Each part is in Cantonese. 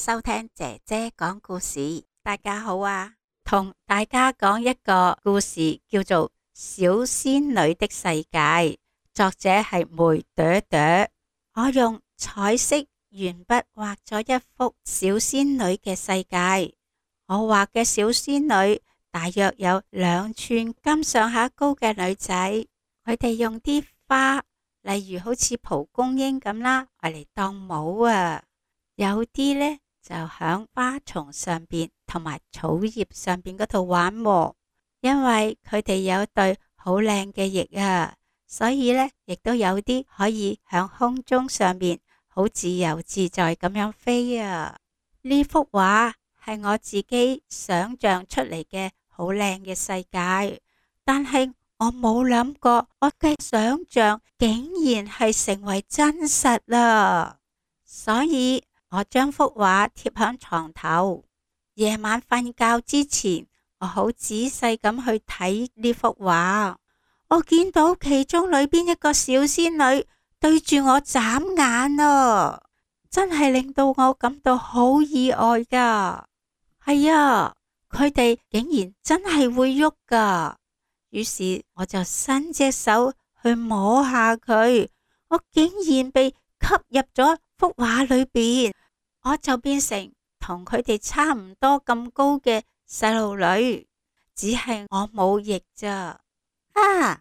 收聽姐姐講故事，大家好啊！同大家講一個故事，叫做《小仙女的世界》，作者係梅朵朵。我用彩色鉛筆畫咗一幅小仙女嘅世界。我畫嘅小仙女大約有兩寸金上下高嘅女仔，佢哋用啲花，例如好似蒲公英咁啦，嚟當帽啊。有啲呢。就喺花叢上邊同埋草葉上邊嗰度玩喎，哦，因為佢哋有一對好靚嘅翼啊，所以呢亦都有啲可以響空中上邊好自由自在咁樣飛啊。呢幅畫係我自己想象出嚟嘅好靚嘅世界，但係我冇諗過，我嘅想象竟然係成為真實啦，所以。我將幅畫貼響床頭，夜晚瞓覺之前，我好仔細咁去睇呢幅畫。我見到其中裏邊一個小仙女對住我眨眼啊，真係令到我感到好意外噶。係啊，佢哋竟然真係會喐噶。於是我就伸隻手去摸下佢，我竟然被吸入咗幅畫裏邊。我就變成同佢哋差唔多咁高嘅細路女，只係我冇翼咋。啊！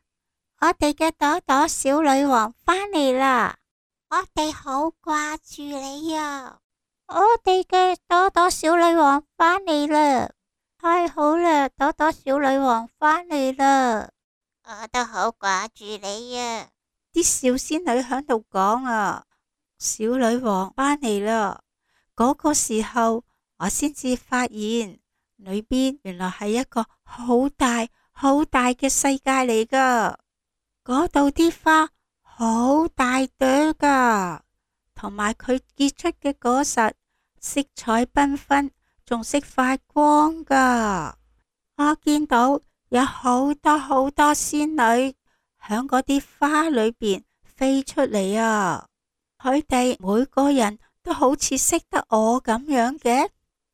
我哋嘅朵朵小女王翻嚟啦，我哋好掛住你呀！啊！我哋嘅朵朵小女王翻嚟啦，太好啦！朵朵小女王翻嚟啦，我都好掛住你呀、啊。啲小仙女喺度講啊，小女王翻嚟啦！嗰個時候，我先至發現裏邊原來係一個好大好大嘅世界嚟噶。嗰度啲花好大朵噶，同埋佢結出嘅果實色彩繽紛，仲識發光噶。我見到有好多好多仙女響嗰啲花裏邊飛出嚟啊！佢哋每個人。都好似識得我咁樣嘅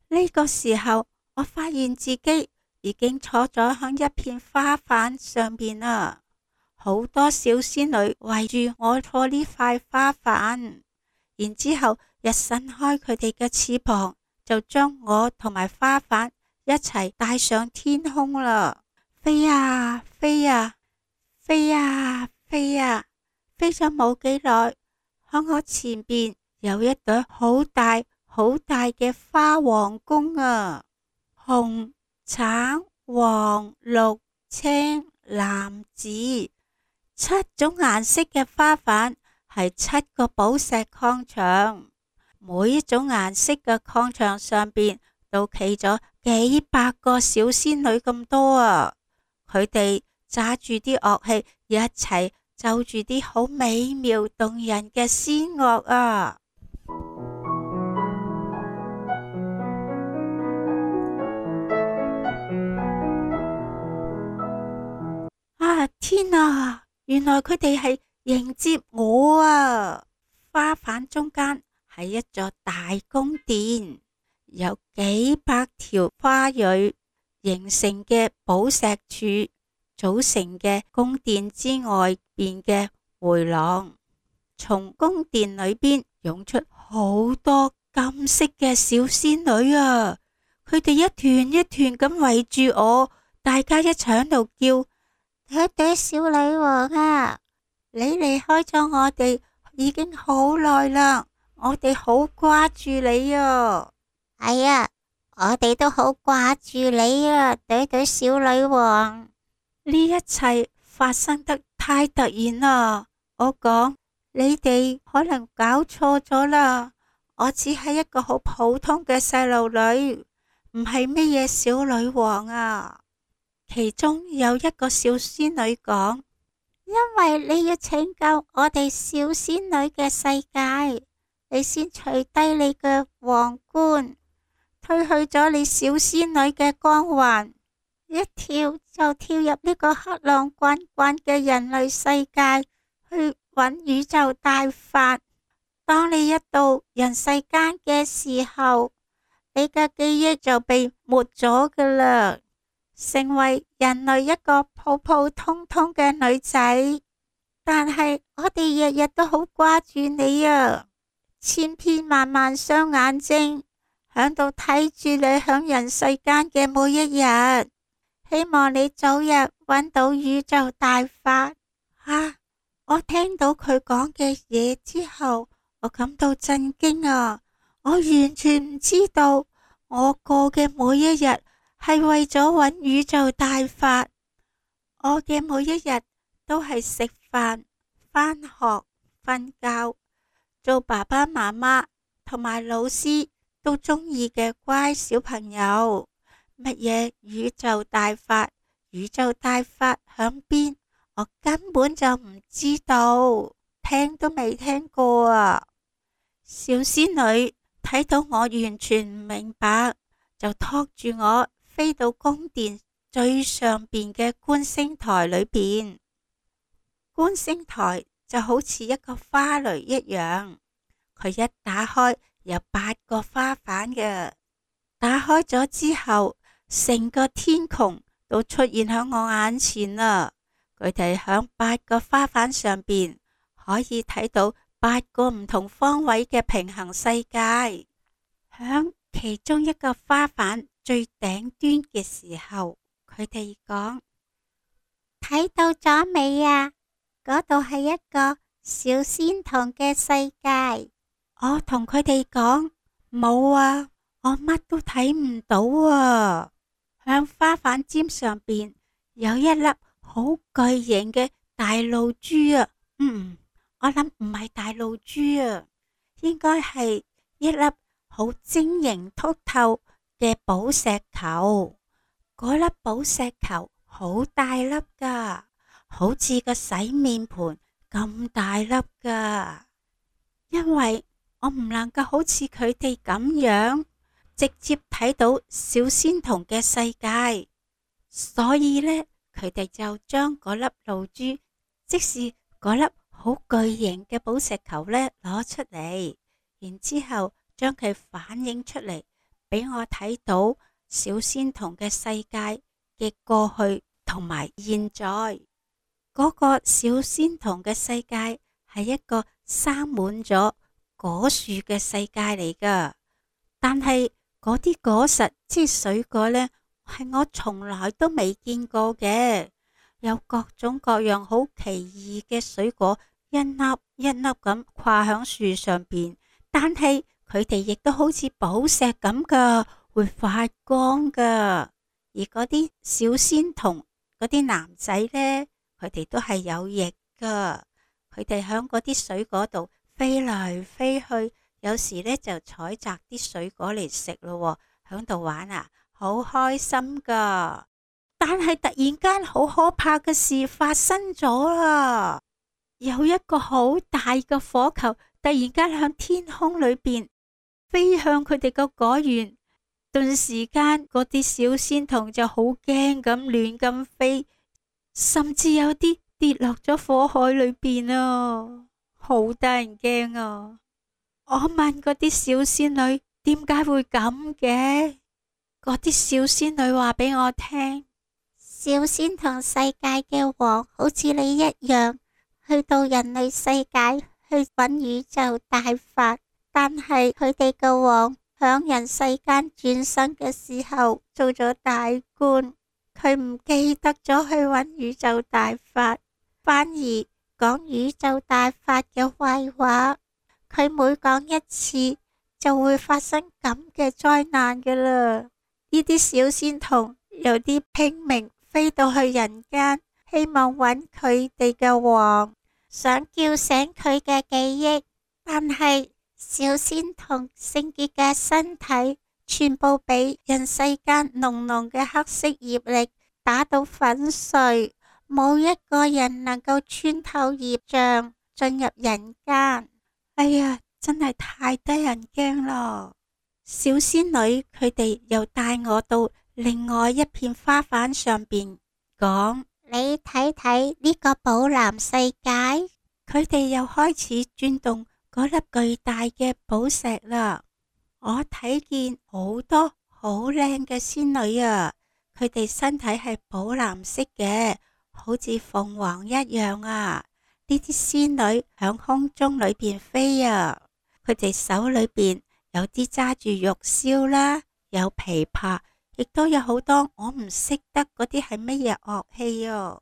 呢、呢個時候，我發現自己已經坐咗響一片花瓣上邊啦。好多小仙女圍住我坐呢塊花瓣，然之後一伸開佢哋嘅翅膀，就將我同埋花瓣一齊帶上天空啦，飛呀飛呀飛呀飛呀，飛咗冇幾耐，響、啊啊啊、我前邊。有一朵好大好大嘅花王宮啊！紅、橙、黃、綠、青、藍、紫七種顏色嘅花瓣係七個寶石礦場，每一種顏色嘅礦場上邊都企咗幾百個小仙女咁多啊！佢哋揸住啲樂器，一齊奏住啲好美妙動人嘅仙樂啊！天啊！原來佢哋係迎接我啊！花瓣中間係一座大宮殿，由幾百條花蕊形成嘅寶石柱組成嘅宮殿之外邊嘅回廊，從宮殿裏邊湧出好多金色嘅小仙女啊！佢哋一團一團咁圍住我，大家一齊喺度叫。朵朵小女王啊，你離開咗我哋已經好耐啦，我哋好掛住你啊！係啊、哎，我哋都好掛住你啊，朵朵小女王。呢一切發生得太突然啦，我講你哋可能搞錯咗啦，我只係一個好普通嘅細路女，唔係乜嘢小女王啊！其中有一個小仙女講：因為你要拯救我哋小仙女嘅世界，你先除低你嘅皇冠，褪去咗你小仙女嘅光環，一跳就跳入呢個黑浪滾滾嘅人類世界去揾宇宙大法。當你一到人世間嘅時候，你嘅記憶就被抹咗㗎喇。成為人類一個普普通通嘅女仔，但係我哋日日都好掛住你啊！千篇萬萬雙眼睛響度睇住你響人世間嘅每一日，希望你早日搵到宇宙大法。吓，啊，我聽到佢講嘅嘢之後，我感到震驚啊！我完全唔知道我過嘅每一日。係為咗揾宇宙大法，我嘅每一日都係食飯、返學、瞓覺，做爸爸媽媽同埋老師都中意嘅乖小朋友。乜嘢宇宙大法？宇宙大法響邊？我根本就唔知道，聽都未聽過啊！小仙女睇到我完全唔明白，就托住我。飛到宮殿最上邊嘅觀星台裏邊，觀星台就好似一個花蕾一樣，佢一打開有八個花瓣嘅，打開咗之後，成個天穹都出現響我眼前啦。佢哋響八個花瓣上邊，可以睇到八個唔同方位嘅平衡世界，響其中一個花瓣最頂端嘅時候，佢哋講睇到咗未啊？嗰度係一個小仙童嘅世界。我同佢哋講冇啊，我乜都睇唔到啊。喺花瓣尖上邊有一粒好巨型嘅大露珠啊。嗯，我諗唔係大露珠啊，應該係一粒好晶瑩剔透。嘅寶石球，嗰粒寶石球好大粒噶，好似個洗面盆咁大粒噶。因為我唔能夠好似佢哋咁樣直接睇到小仙童嘅世界，所以呢，佢哋就將嗰粒露珠，即是嗰粒好巨型嘅寶石球呢攞出嚟，然之後將佢反映出嚟。俾我睇到小仙童嘅世界嘅過去同埋現在，嗰個小仙童嘅世界係一個生滿咗果樹嘅世界嚟噶。但係嗰啲果實即係水果呢，係我從來都未見過嘅，有各種各樣好奇異嘅水果，一粒一粒咁掛響樹上邊，但係。佢哋亦都好似寶石咁噶，會發光噶。而嗰啲小仙童，嗰啲男仔呢，佢哋都係有翼噶。佢哋喺嗰啲水果度飛來飛去，有時呢就採摘啲水果嚟食咯，喺度玩啊，好開心噶。但係突然間好可怕嘅事發生咗啦！有一個好大嘅火球突然間響天空裏邊。飛向佢哋個果園，頓時間嗰啲小仙童就好驚咁亂咁飛，甚至有啲跌落咗火海裏邊啊，好得人驚啊！我問嗰啲小仙女點解會咁嘅？嗰啲小仙女話俾我聽，小仙童世界嘅王好似你一樣，去到人類世界去搵宇宙大法。但係佢哋個王響人世間轉生嘅時候做咗大官，佢唔記得咗去搵宇宙大法，反而講宇宙大法嘅壞話。佢每講一次，就會發生咁嘅災難㗎喇。呢啲小仙童有啲拼命飛到去人間，希望搵佢哋嘅王，想叫醒佢嘅記憶，但係。小仙童聖潔嘅身體，全部俾人世間濃濃嘅黑色業力打到粉碎，冇一個人能夠穿透業障進入人間。哎呀，真係太得人驚咯！小仙女佢哋又帶我到另外一片花瓣上邊講，你睇睇呢個寶藍世界。佢哋又開始轉動。嗰粒巨大嘅寶石啦、啊，我睇見好多好靚嘅仙女啊！佢哋身體係寶藍色嘅，好似鳳凰一樣啊！呢啲仙女響空中裏邊飛啊，佢哋手裏邊有啲揸住玉簫啦、啊，有琵琶，亦都有好多我唔識得嗰啲係乜嘢樂器哦、啊！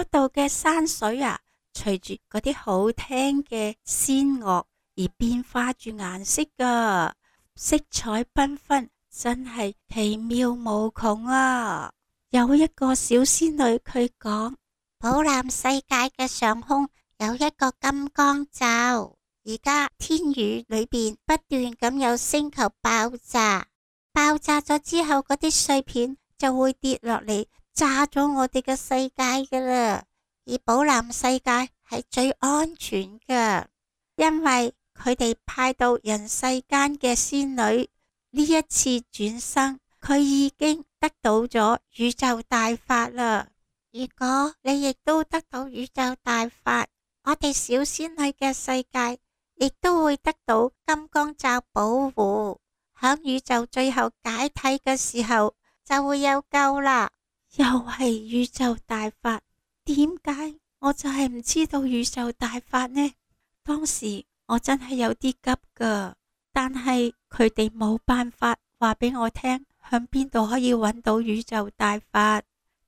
嗰度嘅山水啊～隨住嗰啲好聽嘅仙樂而變化住顏色噶，色彩繽紛，真係奇妙無窮啊！有一個小仙女佢講，寶藍世界嘅上空有一個金剛罩，而家天宇裏邊不斷咁有星球爆炸，爆炸咗之後嗰啲碎片就會跌落嚟，炸咗我哋嘅世界噶啦。而寶藍世界係最安全嘅，因為佢哋派到人世間嘅仙女呢一次轉生，佢已經得到咗宇宙大法啦。如果你亦都得到宇宙大法，我哋小仙女嘅世界亦都會得到金光罩保護，響宇宙最後解體嘅時候就會有救啦。又係宇宙大法。點解我就係唔知道宇宙大法呢？當時我真係有啲急噶，但係佢哋冇辦法話俾我聽，響邊度可以揾到宇宙大法，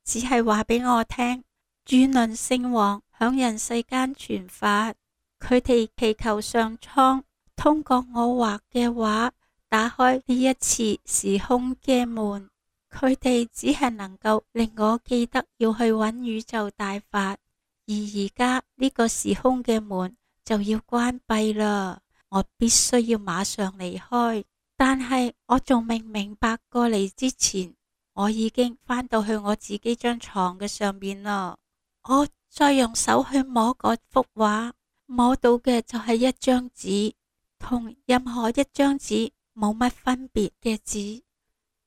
只係話俾我聽，轉輪聖王響人世間傳法，佢哋祈求上蒼通過我畫嘅畫，打開呢一次時空嘅門。佢哋只係能夠令我記得要去揾宇宙大法，而而家呢個時空嘅門就要關閉啦。我必須要馬上離開，但係我仲未明白過嚟之前，我已經翻到去我自己張床嘅上面啦。我再用手去摸嗰幅畫，摸到嘅就係一張紙，同任何一張紙冇乜分別嘅紙。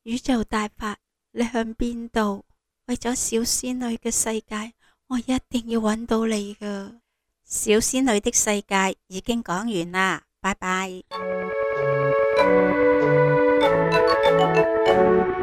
宇宙大法，你向邊度？為咗小仙女嘅世界，我一定要揾到你噶。小仙女的世界已經講完啦，拜拜。